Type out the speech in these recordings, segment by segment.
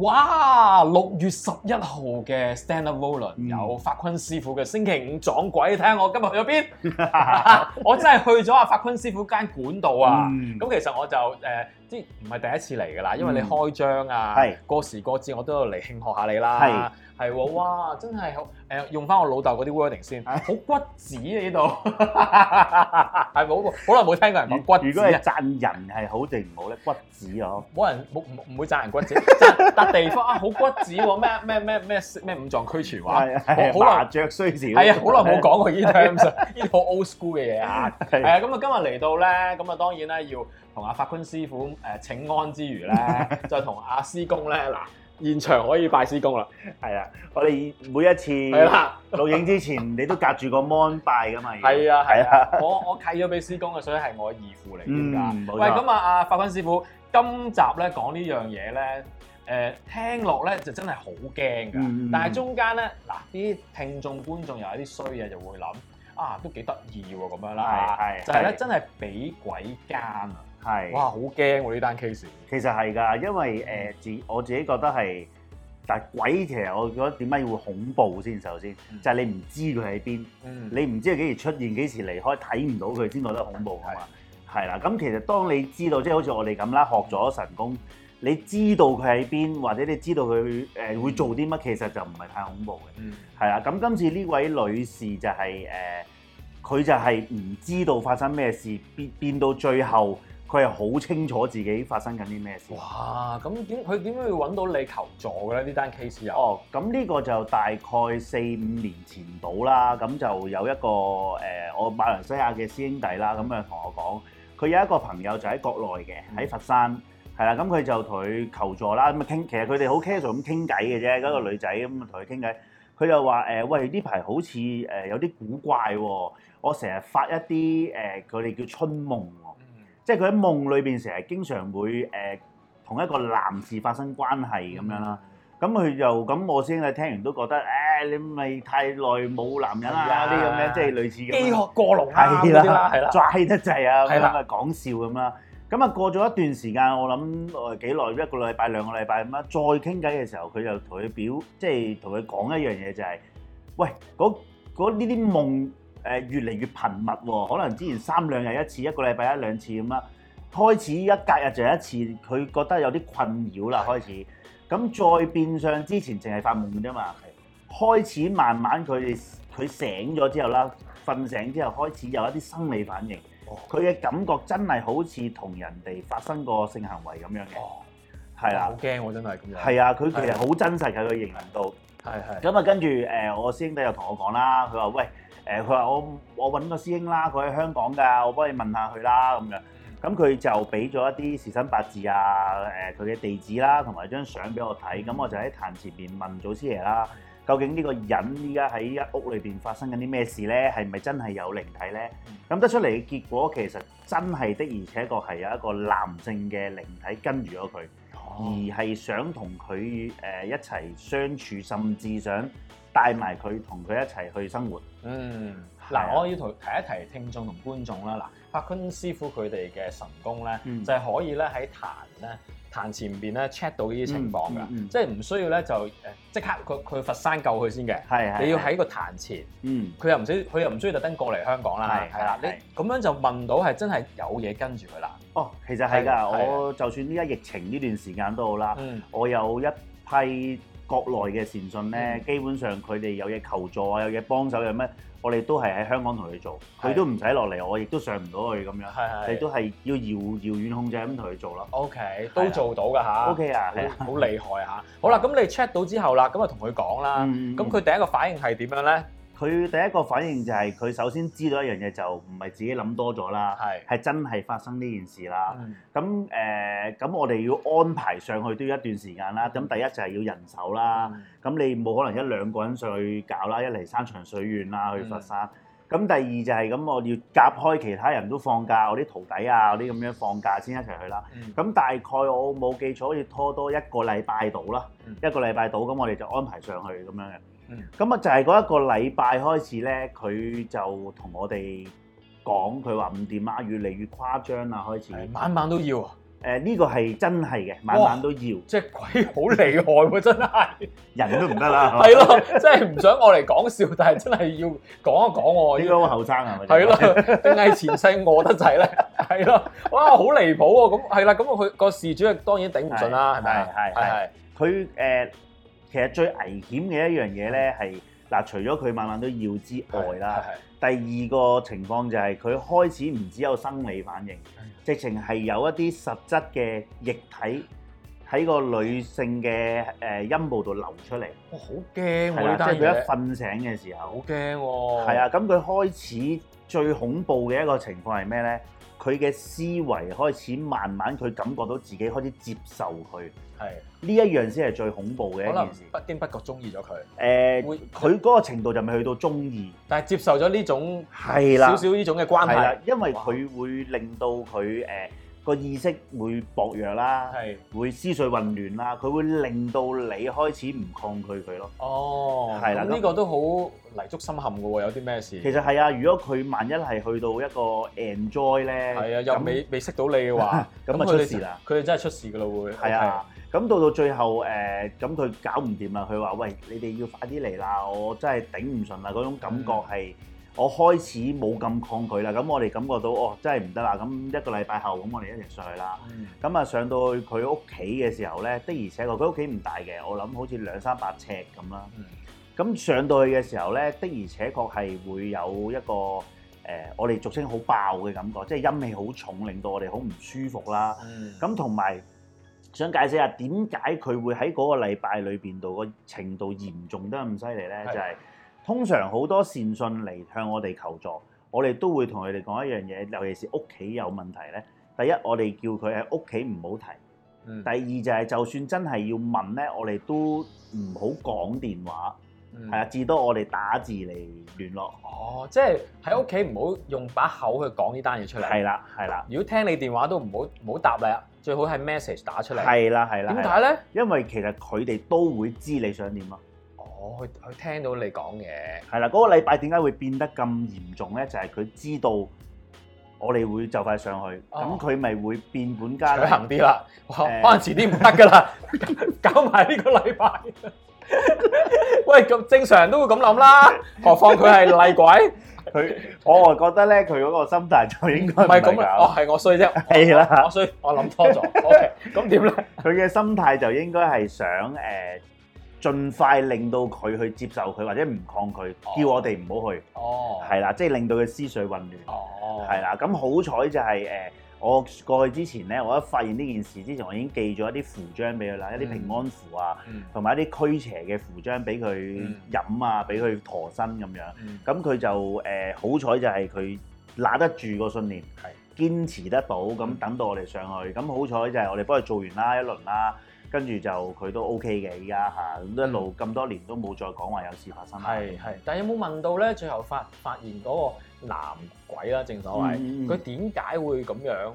哇！六月十一號嘅 Standard Volume 有法坤師傅嘅星期五撞鬼，睇下我今日去咗邊？ 我真係去咗阿法坤師傅間管道啊！咁、嗯、其實我就誒，即唔係第一次嚟噶啦，因為你開張啊，嗯、過時過節我都要嚟慶賀下你啦。係喎、嗯，哇！真係好誒，用翻我老豆嗰啲 wording 先，好骨子，呢度係喎，好耐冇聽過人講骨子。如果係讚人係好定唔好咧？骨子啊，冇人冇唔、啊、會讚人骨子，讚笪 地方啊，好骨子咩咩咩咩咩五臟俱全話，麻雀雖小。係啊，好耐冇講過呢啲呢啲好 old school 嘅嘢啊。係 啊，咁啊今日嚟到咧，咁啊當然咧要同阿法官師傅誒請安之餘咧，就同阿師公咧嗱。現場可以拜師公啦，係啊，我哋每一次係啦錄影之前，你都隔住個 mon 拜噶嘛，係啊係啊，我我契咗俾師公嘅，所以係我義父嚟㗎。喂，咁啊，阿法君師傅，今集咧講呢樣嘢咧，誒聽落咧就真係好驚㗎，但係中間咧嗱啲聽眾觀眾又係啲衰嘢，就會諗啊都幾得意喎咁樣啦，係就係咧真係俾鬼姦啊！係，哇！好驚喎呢單 case。其實係㗎，因為誒自、嗯呃、我自己覺得係，但係鬼其實我覺得點解要會恐怖，先首先，嗯、就係你唔知佢喺邊，嗯、你唔知幾時出現、幾時離開，睇唔到佢先覺得恐怖啊嘛。係啦、嗯，咁是其實當你知道，即係好似我哋咁啦，學咗神功，嗯、你知道佢喺邊，或者你知道佢誒會做啲乜，其實就唔係太恐怖嘅。係啦、嗯，咁今次呢位女士就係、是、誒，佢、呃、就係唔知道發生咩事，變變到最後。佢係好清楚自己發生緊啲咩事。哇！咁點佢點樣會揾到你求助嘅咧？呢單 case 啊？哦，咁呢個就大概四五年前到啦。咁就有一個誒、呃，我馬來西亞嘅師兄弟啦，咁啊同我講，佢有一個朋友就喺國內嘅，喺佛山係啦。咁佢、嗯、就同佢求助啦。咁啊傾，其實佢哋好 casual 咁傾偈嘅啫，嗰、那個女仔咁啊同佢傾偈。佢、嗯、就話誒、呃，喂，呢排好似誒有啲古怪喎、啊，我成日發一啲誒，佢、呃、哋叫春夢。即係佢喺夢裏邊成日經常會誒同一個男士發生關係咁樣啦，咁佢就咁我先啊聽完都覺得，誒你咪太耐冇男人啊啲咁樣，即係類似咁。飢渴過龍啊，係啦係啦，拽得滯啊，咁啊講笑咁啦。咁啊過咗一段時間，我諗幾耐一個禮拜兩個禮拜咁啦，再傾偈嘅時候，佢就同佢表即係同佢講一樣嘢就係，喂嗰嗰呢啲夢，越嚟越頻密喎，可能之前三兩日一次，一個禮拜一兩次咁啦，開始一隔日就一次，佢覺得有啲困擾啦，開始。咁再變相之前淨係發夢啫嘛，開始慢慢佢哋佢醒咗之後啦，瞓醒之後開始有一啲生理反應，佢嘅、哦、感覺真係好似同人哋發生過性行為咁樣嘅，係啦、哦，好驚喎真係，係啊，佢其實好、哎、呀真實嘅佢形容到，係係。咁啊、嗯、跟住誒，我師兄弟又同我講啦，佢話喂。誒佢話我我揾個師兄啦，佢喺香港㗎，我幫你問下佢啦咁樣。咁佢就俾咗一啲時生八字啊，誒佢嘅地址啦，同埋張相俾我睇。咁我就喺壇前面問祖師爺啦，究竟呢個人依家喺一屋裏邊發生緊啲咩事咧？係咪真係有靈體咧？咁得出嚟嘅結果其實真係的，而且確係有一個男性嘅靈體跟住咗佢，而係想同佢誒一齊相處，甚至想。帶埋佢同佢一齊去生活。嗯，嗱，我要同提一提聽眾同觀眾啦。嗱，法坤師傅佢哋嘅神功咧，就係可以咧喺壇咧壇前邊咧 check 到呢啲情況㗎，即係唔需要咧就誒即刻佢佢佛山救佢先嘅。係係，你要喺個壇前。嗯，佢又唔使，佢又唔需要特登過嚟香港啦。係啦，你咁樣就問到係真係有嘢跟住佢啦。哦，其實係㗎，我就算呢家疫情呢段時間都好啦。嗯，我有一批。國內嘅善信咧，基本上佢哋有嘢求助啊，有嘢幫手有咩，我哋都係喺香港同佢做，佢是的 都唔使落嚟，我亦都上唔到去咁樣，你都係要遙遙遠控制咁同佢做咯。OK，都做到噶嚇。OK 啊，好厲害嚇。好啦，咁你 check 到之後啦，咁啊同佢講啦，咁佢是的 第一個反應係點樣咧？佢第一個反應就係佢首先知道一樣嘢就唔係自己諗多咗啦，係係是真係發生呢件事啦。咁誒咁我哋要安排上去都要一段時間啦。咁第一就係要人手啦。咁、嗯、你冇可能一兩個人上去搞啦，一嚟山長水遠啦，去佛山。咁、嗯、第二就係咁，我要夾開其他人都放假，我啲徒弟啊，我啲咁樣放假先一齊去啦。咁、嗯、大概我冇記錯要拖多一個禮拜到啦，嗯、一個禮拜到咁我哋就安排上去咁樣嘅。咁啊，就係嗰一個禮拜開始咧，佢就同我哋講，佢話唔掂啊，越嚟越誇張啊，開始晚晚都要。誒，呢個係真係嘅，晚晚都要。即係鬼好厲害喎，真係人都唔得啦。係咯，真係唔想我嚟講笑，但係真係要講一講喎。呢個後生係咪？係咯，定係前世餓得滯咧？係咯，哇，好離譜喎！咁係啦，咁佢個事主當然頂唔順啦，係咪？係係，佢誒。其實最危險嘅一樣嘢咧，係嗱的，除咗佢晚晚都要之外啦。第二個情況就係佢開始唔只有生理反應，的直情係有一啲實質嘅液體喺個女性嘅誒陰部度流出嚟。我好驚喎！啊、的即係佢一瞓醒嘅時候，好驚喎。係啊，咁佢開始最恐怖嘅一個情況係咩咧？佢嘅思維開始慢慢，佢感覺到自己開始接受佢。係呢一樣先係最恐怖嘅一件事。不不、呃。可能不經不覺中意咗佢。誒，佢嗰個程度就未去到中意會，但係接受咗呢種係啦少少呢種嘅關係啦。因為佢會令到佢誒。哇呃個意識會薄弱啦，係的會思緒混亂啦，佢會令到你開始唔抗拒佢咯。哦，係啦，呢個都好泥足深陷嘅喎，有啲咩事？其實係啊，如果佢萬一係去到一個 enjoy 咧，係啊，又未未那識到你嘅話，咁啊 出事啦，佢哋真係出事㗎啦會。係啊， 咁到到最後誒，咁、呃、佢搞唔掂啦，佢話：喂，你哋要快啲嚟啦，我真係頂唔順啦！嗰種感覺係。嗯我開始冇咁抗拒啦，咁我哋感覺到哦，真係唔得啦！咁一個禮拜後，咁我哋一齊上去啦。咁啊、嗯，上到去佢屋企嘅時候呢，的而且確佢屋企唔大嘅，我諗好似兩三百尺咁啦。咁、嗯、上到去嘅時候呢，的而且確係會有一個誒、呃，我哋俗稱好爆嘅感覺，即係陰氣好重，令到我哋好唔舒服啦。咁同埋想解釋下點解佢會喺嗰個禮拜裏邊度個程度嚴重得咁犀利呢？的就係、是。通常好多善信嚟向我哋求助，我哋都會同佢哋講一樣嘢，尤其是屋企有問題咧。第一，我哋叫佢喺屋企唔好提。第二就係就算真係要問咧，我哋都唔好講電話，係啊、嗯，至多我哋打字嚟聯絡哦，即係喺屋企唔好用把口去講呢單嘢出嚟。係啦，係啦。如果聽你電話都唔好唔好答你啊，最好係 message 打出嚟。係啦，係啦。點解咧？因為其實佢哋都會知你想點啊。我去去聽到你講嘢，係啦，嗰個禮拜點解會變得咁嚴重咧？就係佢知道我哋會就快上去，咁佢咪會變本加厲行啲啦。哇，可能遲啲唔得噶啦，搞埋呢個禮拜。喂，咁正常人都會咁諗啦，何況佢係厲鬼。佢，我覺得咧，佢嗰個心態就應該唔係咁，哦，係我衰啫，係啦，我衰，我諗多咗。咁點咧？佢嘅心態就應該係想誒，盡快令到佢去接受佢，或者唔抗拒，叫我哋唔好去，係啦、哦，即係令到佢思緒混亂，係啦、哦。咁好彩就係、是、誒，我過去之前咧，我一發現呢件事之前，我已經寄咗一啲符章俾佢啦，嗯、一啲平安符啊，同埋、嗯、一啲驅邪嘅符章俾佢飲啊，俾佢、嗯、陀身咁、嗯、樣。咁佢就誒好彩就係佢拿得住個信念，嗯、堅持得到，咁等到我哋上去。咁好彩就係我哋幫佢做完啦一輪啦。跟住就佢都 OK 嘅，依家嚇一路咁多年都冇再講話有事發生。係係，但有冇問到咧？最後發發現嗰個男鬼啦，正所謂佢點解會咁樣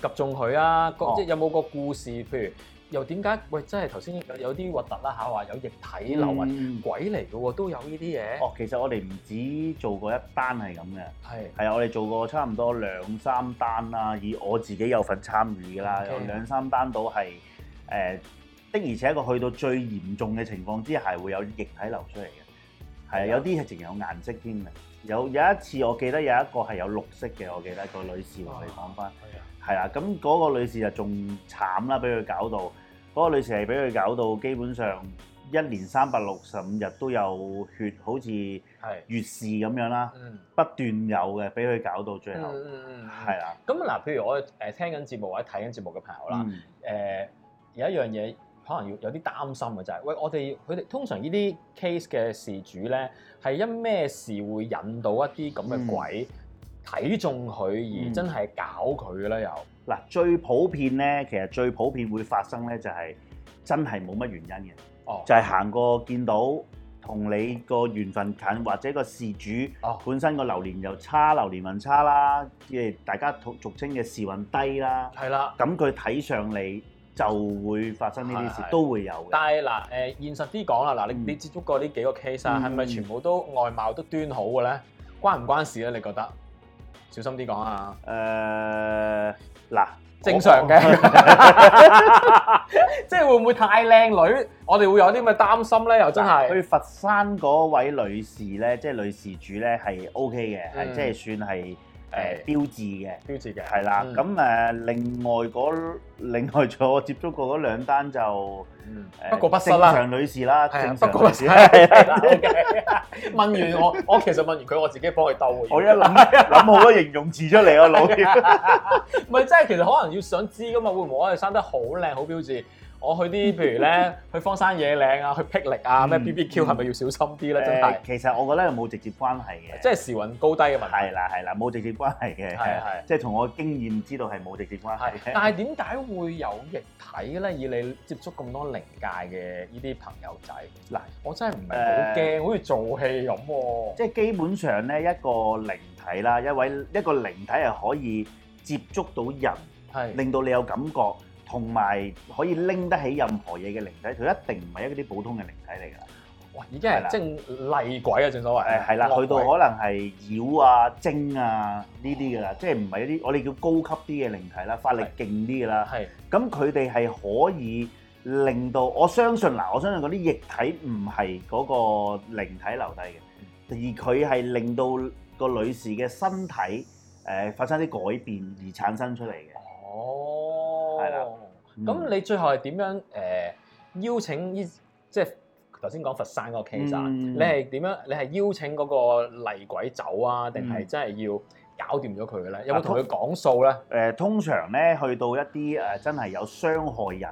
及中佢啊？哦、即有冇個故事？譬如又點解？喂，真係頭先有啲核突啦嚇，話有液體流云，嗯、鬼嚟嘅喎，都有呢啲嘢。哦，其實我哋唔止做過一單係咁嘅，係係啊，我哋做過差唔多兩三單啦，以我自己有份參與㗎啦，okay, 有兩三單到係。誒的、嗯，而且確去到最嚴重嘅情況之下，會有液體流出嚟嘅，係啊的，有啲係淨係有顏色添嘅。有、嗯、有一次我記得有一個係有綠色嘅，我記得個女士同你講返，係啊、哦，係啦，咁嗰、那個女士就仲慘啦，俾佢搞到嗰、那個女士係俾佢搞到基本上一年三百六十五日都有血，好似月事咁樣啦，的不斷有嘅，俾佢搞到最後，嗯係啦。咁嗱的、嗯，譬如我誒聽緊節目或者睇緊節目嘅朋友啦，誒、嗯。嗯有一樣嘢可能要有啲擔心嘅就係，喂，我哋佢哋通常呢啲 case 嘅事主咧係因咩事會引到一啲咁嘅鬼睇、嗯、中佢而真係搞佢嘅咧？又嗱，最普遍咧，其實最普遍會發生咧就係真係冇乜原因嘅，就係、是、行過見到同你個緣分近、嗯、或者個事主本身個流年又差，流年運差啦，即係大家俗俗稱嘅時運低啦，係啦、嗯，咁佢睇上你。就會發生呢啲事，係係都會有。但係嗱，誒、呃、現實啲講啦，嗱、呃，你你接觸過呢幾個 case，係咪全部都外貌都端好嘅咧？嗯、關唔關事咧？你覺得？小心啲講啊！誒、呃，嗱，正常嘅，即係會唔會太靚女？我哋會有啲咁嘅擔心咧，又真係。去佛山嗰位女士咧，就係士 OK 嗯、即係女事主咧，係 OK 嘅，係即係算係。誒，標誌嘅，標誌嘅，係啦。咁誒，另外嗰另外仲我接觸過嗰兩單就，不過不失啦，正常女士啦，正常女士啦。問完我，我其實問完佢，我自己幫佢兜。我一諗諗好多形容詞出嚟啊，老友。唔係，即係其實可能要想知㗎嘛，會唔會我係生得好靚好標誌？ 我去啲，譬如咧，去荒山野嶺啊，去霹靂啊，咩 BBQ 係咪要小心啲咧？真係、嗯。其實我覺得冇直接關係嘅，即係時運高低嘅問題。係啦，係啦，冇直接關係嘅。係啊，係。即係同我經驗知道係冇直接關係。係。但係點解會有靈體咧？以你接觸咁多靈界嘅呢啲朋友仔，嗱，我真係唔係好驚，好似做戲咁。即係基本上咧，一個靈體啦，一位一個靈體係可以接觸到人，係令到你有感覺。同埋可以拎得起任何嘢嘅靈體，佢一定唔係一啲普通嘅靈體嚟㗎啦。哇！已經係啦，正厲鬼啊！正所謂，係啦，去到可能係妖啊、精啊呢啲㗎啦，即係唔係一啲我哋叫高級啲嘅靈體啦，法力勁啲㗎啦。係。咁佢哋係可以令到我相信嗱，我相信嗰啲液體唔係嗰個靈體留低嘅，而佢係令到個女士嘅身體誒發生啲改變而產生出嚟嘅。哦。係啦。咁、嗯、你最後係點樣誒、呃、邀請呢？即係頭先講佛山嗰個 case 啊、嗯，你係點樣？你係邀請嗰個厲鬼走啊，定係真係要搞掂咗佢咧？有冇同佢講數咧？誒、啊，通常咧去到一啲誒、啊、真係有傷害人，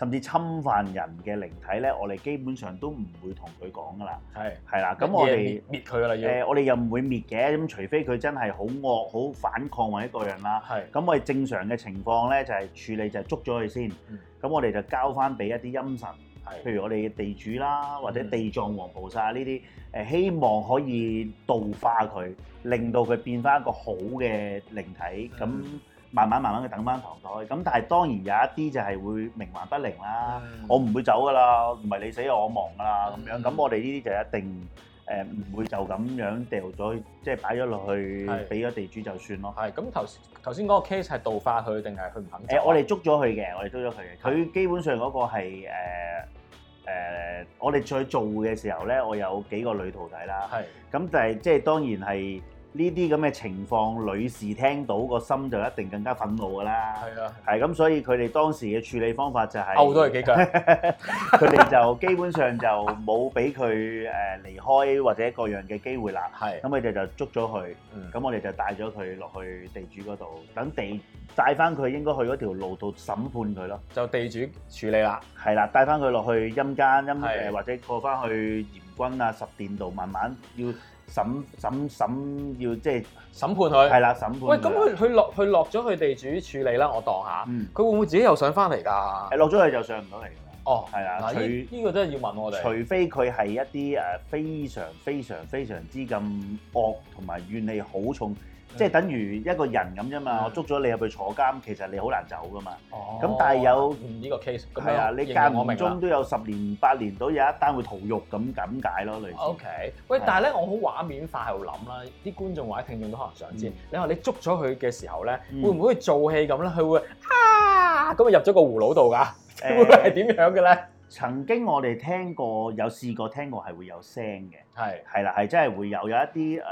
甚至侵犯人嘅靈體咧，我哋基本上都唔會同佢講噶啦。係係啦，咁我哋滅佢啦。誒、呃，我哋又唔會滅嘅，咁除非佢真係好惡、好反抗，或者嗰人啦。係的，咁我哋正常嘅情況咧，就係、是、處理就係、是、捉咗佢先。咁的我哋就交翻俾一啲陰神，的譬如我哋嘅地主啦，或者地藏王菩薩呢啲，誒、嗯嗯、希望可以度化佢，令到佢變翻一個好嘅靈體。咁、嗯嗯慢慢慢慢去等翻堂開，咁但係當然有一啲就係會冥頑不靈啦、嗯。我唔會走噶啦，唔係你死我亡噶啦咁樣。咁我哋呢啲就一定誒唔會就咁樣掉咗，即係擺咗落去，俾咗是地主就算咯。係咁，頭頭先嗰個 case 係度化佢定係佢唔肯？誒、呃，我哋捉咗佢嘅，我哋捉咗佢嘅。佢基本上嗰個係誒、呃呃、我哋再做嘅時候咧，我有幾個女徒弟啦。係咁是，但係即係當然係。呢啲咁嘅情況，女士聽到個心就一定更加憤怒㗎啦。係啊，係咁，所以佢哋當時嘅處理方法就係，牛都係幾勁。佢哋就基本上就冇俾佢誒離開或者各樣嘅機會啦。係，咁佢哋就捉咗佢，咁我哋就帶咗佢落去地主嗰度，等地帶翻佢應該去嗰條路度審判佢咯。就地主處理啦。係啦，帶翻佢落去陰間陰誒，或者過翻去閻君啊十殿度，慢慢要。審審審，審要即係審判佢，係啦審判。喂，咁佢佢落佢落咗佢地主處理啦，我當下，佢、嗯、會唔會自己又上翻嚟㗎？誒落咗佢就上唔到嚟㗎啦。哦，係啊，除呢、呢個真係要問我哋。除非佢係一啲誒非常非常非常之咁惡，同埋怨氣好重。即係等於一個人咁啫嘛，我捉咗你入去坐監，其實你好難走噶嘛。哦，咁但係有呢個 case，係啊，你間唔中都有十年八年到有一單會逃獄咁咁解咯，類似。OK，喂，但係咧，我好畫面化喺度諗啦，啲觀眾或者聽眾都可能想知，你話你捉咗佢嘅時候咧，會唔會佢做戲咁咧？佢會啊，咁入咗個葫蘆度㗎，會係點樣嘅咧？曾經我哋聽過有試過聽過係會有聲嘅，係係啦，係真係會有有一啲誒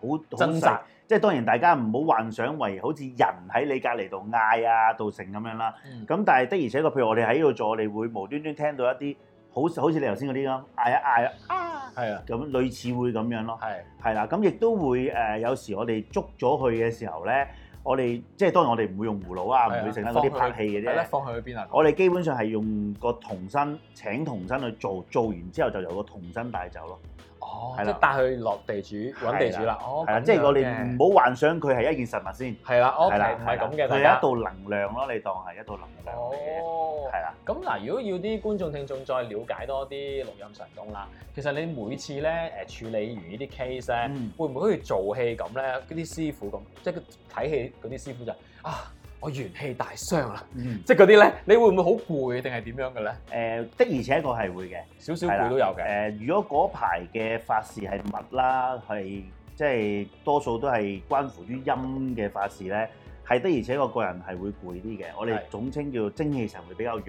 好好真實。即係當然，大家唔好幻想為好似人喺你隔離度嗌啊到成咁樣啦。咁但係的而且確，譬如我哋喺呢度做，我哋會無端端聽到一啲好好似你頭先嗰啲咁，嗌啊嗌啊，係啊，咁、啊、的類似會咁樣咯。係係啦，咁亦都會誒，有時我哋捉咗佢嘅時候咧，我哋即係當然我哋唔會用葫蘆啊，唔的會剩啦嗰啲拍戲嘅啫。放去邊啊？我哋基本上係用個童身，請童身去做，做完之後就由個童身帶走咯。哦，即係帶去落地主揾地主啦，的哦，的即係我哋唔好幻想佢係一件實物先。係啦，係、okay，啦的，係咁嘅，係一道能量咯，你當係一道能量嚟嘅，係啦。咁嗱，如果要啲觀眾聽眾再了解多啲錄音神功啦，其實你每次咧誒處理完呢啲 case 咧、嗯，會唔會好似做戲咁咧？啲師傅咁，即係睇戲嗰啲師傅就啊～我元氣大傷啦，嗯、即係嗰啲咧，你會唔會好攰定係點樣嘅咧？誒、呃、的而且確係會嘅，少少攰都有嘅。誒、呃，如果嗰排嘅法事係密啦，係即係多數都係關乎於陰嘅法事咧，係，的而且我個人係會攰啲嘅。我哋總稱叫精氣神會比較弱。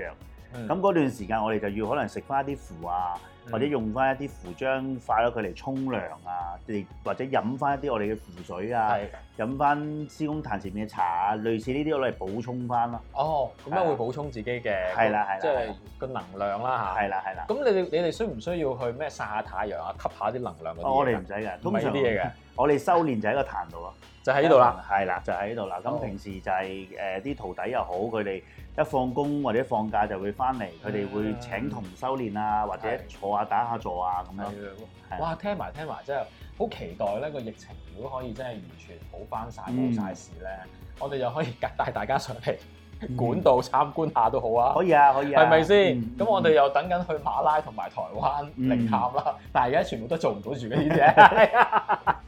咁嗰段時間，我哋就要可能食翻一啲符啊，或者用翻一啲符章，快咗佢嚟沖涼啊，嚟或者飲翻一啲我哋嘅符水啊，飲翻師公壇前面嘅茶啊，類似呢啲我哋補充翻咯。哦，咁樣會補充自己嘅，係啦係啦，即係個能量啦吓，係啦係啦。咁你你哋需唔需要去咩曬下太陽啊，吸下啲能量？我哋唔使㗎，通常唔係啲嘢嘅。我哋修煉就喺個壇度咯，就喺呢度啦。係啦，就喺呢度啦。咁平時就係誒啲徒弟又好，佢哋。一放工或者放假就會翻嚟，佢哋會請同修煉啊，嗯、或者坐下打下坐啊咁樣。係啊，係。哇，聽埋聽埋真係好期待呢個疫情如果可以真係完全好翻晒，冇晒、嗯、事呢。我哋又可以帶帶大家上嚟。管道參觀下都好啊，可以啊，可以啊，係咪先？咁、嗯、我哋又等緊去馬拉同埋台灣靈探啦，嗯、但係而家全部都做唔到住嘅嘢，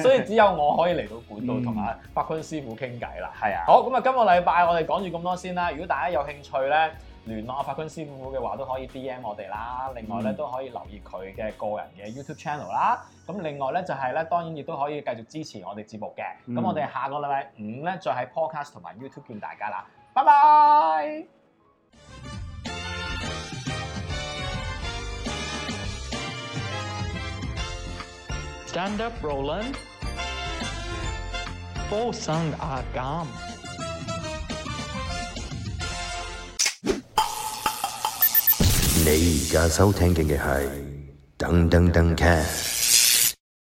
所以只有我可以嚟到管道同埋法坤師傅傾偈啦，係啊。好，咁啊，今個禮拜我哋講住咁多先啦。如果大家有興趣咧，聯絡法官師傅嘅話都可以 D M 我哋啦，另外咧都可以留意佢嘅個人嘅 YouTube channel 啦。咁另外咧就係、是、咧，當然亦都可以繼續支持我哋節目嘅。咁、嗯、我哋下個禮拜五咧，再喺 Podcast 同埋 YouTube 見大家啦。拜拜。Stand up, Roland. For s o n e a gun. 你而家收聽嘅係噔噔噔卡。